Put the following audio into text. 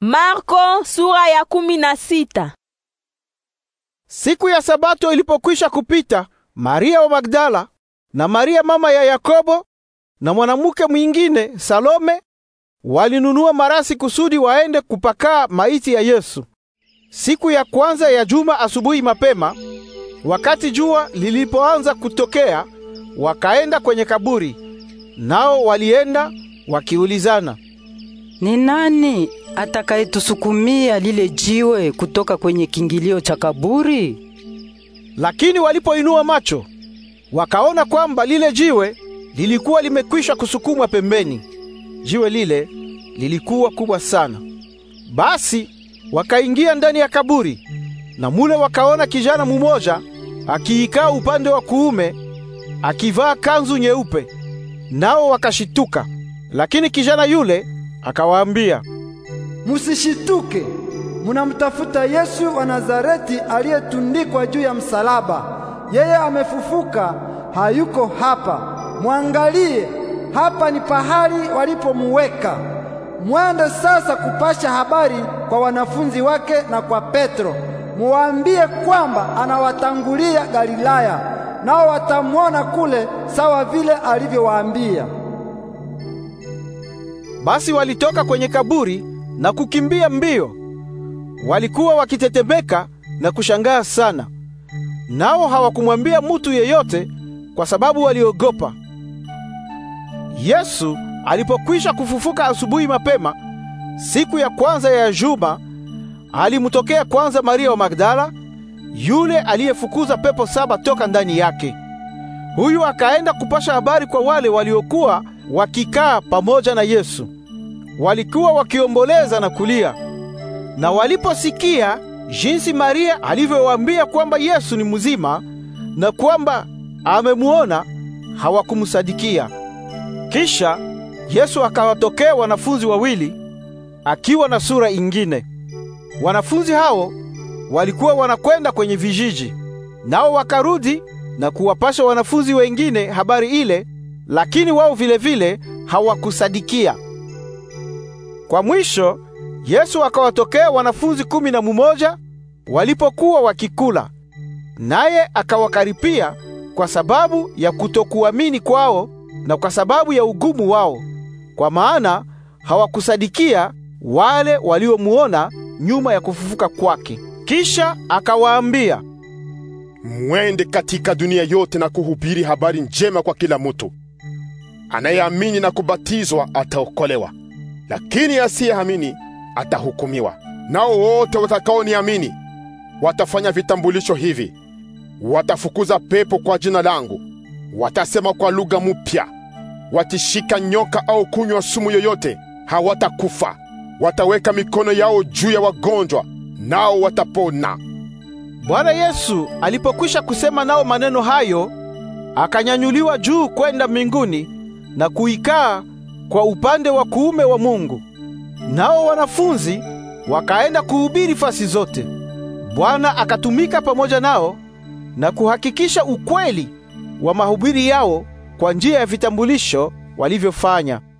Marko sura ya kumi na sita. Siku ya Sabato ilipokwisha kupita, Maria wa Magdala na Maria mama ya Yakobo na mwanamke mwingine Salome walinunua marasi kusudi waende kupakaa maiti ya Yesu. Siku ya kwanza ya juma asubuhi mapema, wakati jua lilipoanza kutokea, wakaenda kwenye kaburi. Nao walienda wakiulizana, "Ni nani atakayetusukumia lile jiwe kutoka kwenye kingilio cha kaburi? Lakini walipoinua macho wakaona kwamba lile jiwe lilikuwa limekwisha kusukumwa pembeni. Jiwe lile lilikuwa kubwa sana. Basi wakaingia ndani ya kaburi, na mule wakaona kijana mumoja akiikaa upande wa kuume akivaa kanzu nyeupe, nao wakashituka. Lakini kijana yule akawaambia Musishituke, munamtafuta Yesu wa Nazareti aliyetundikwa juu ya msalaba. Yeye amefufuka, hayuko hapa. Mwangalie, hapa ni pahali walipomuweka. Mwende sasa kupasha habari kwa wanafunzi wake na kwa Petro. Muwaambie kwamba anawatangulia Galilaya, nao watamwona kule sawa vile alivyowaambia. Basi walitoka kwenye kaburi na kukimbia mbio. Walikuwa wakitetemeka na kushangaa sana, nao hawakumwambia mtu yeyote kwa sababu waliogopa. Yesu alipokwisha kufufuka asubuhi mapema siku ya kwanza ya juma, alimtokea kwanza Maria wa Magdala, yule aliyefukuza pepo saba toka ndani yake. Huyu akaenda kupasha habari kwa wale waliokuwa wakikaa pamoja na Yesu walikuwa wakiomboleza na kulia, na waliposikia jinsi Maria alivyowaambia kwamba Yesu ni mzima na kwamba amemuona, hawakumsadikia. Kisha Yesu akawatokea wanafunzi wawili akiwa na sura ingine. Wanafunzi hao walikuwa wanakwenda kwenye vijiji, nao wakarudi na kuwapasha wanafunzi wengine habari ile, lakini wao vilevile hawakusadikia. Kwa mwisho Yesu akawatokea wanafunzi kumi na mumoja walipokuwa wakikula, naye akawakaripia kwa sababu ya kutokuamini kwao na kwa sababu ya ugumu wao, kwa maana hawakusadikia wale waliomuona nyuma ya kufufuka kwake. Kisha akawaambia, mwende katika dunia yote na kuhubiri habari njema kwa kila mtu. Anayeamini na kubatizwa ataokolewa lakini asiyeamini atahukumiwa. Nao wote watakaoniamini watafanya vitambulisho hivi: watafukuza pepo kwa jina langu, watasema kwa lugha mpya, watishika nyoka au kunywa sumu yoyote hawatakufa, wataweka mikono yao juu ya wagonjwa nao watapona. Bwana Yesu alipokwisha kusema nao maneno hayo, akanyanyuliwa juu kwenda mbinguni na kuikaa kwa upande wa kuume wa Mungu. Nao wanafunzi wakaenda kuhubiri fasi zote. Bwana akatumika pamoja nao na kuhakikisha ukweli wa mahubiri yao kwa njia ya vitambulisho walivyofanya.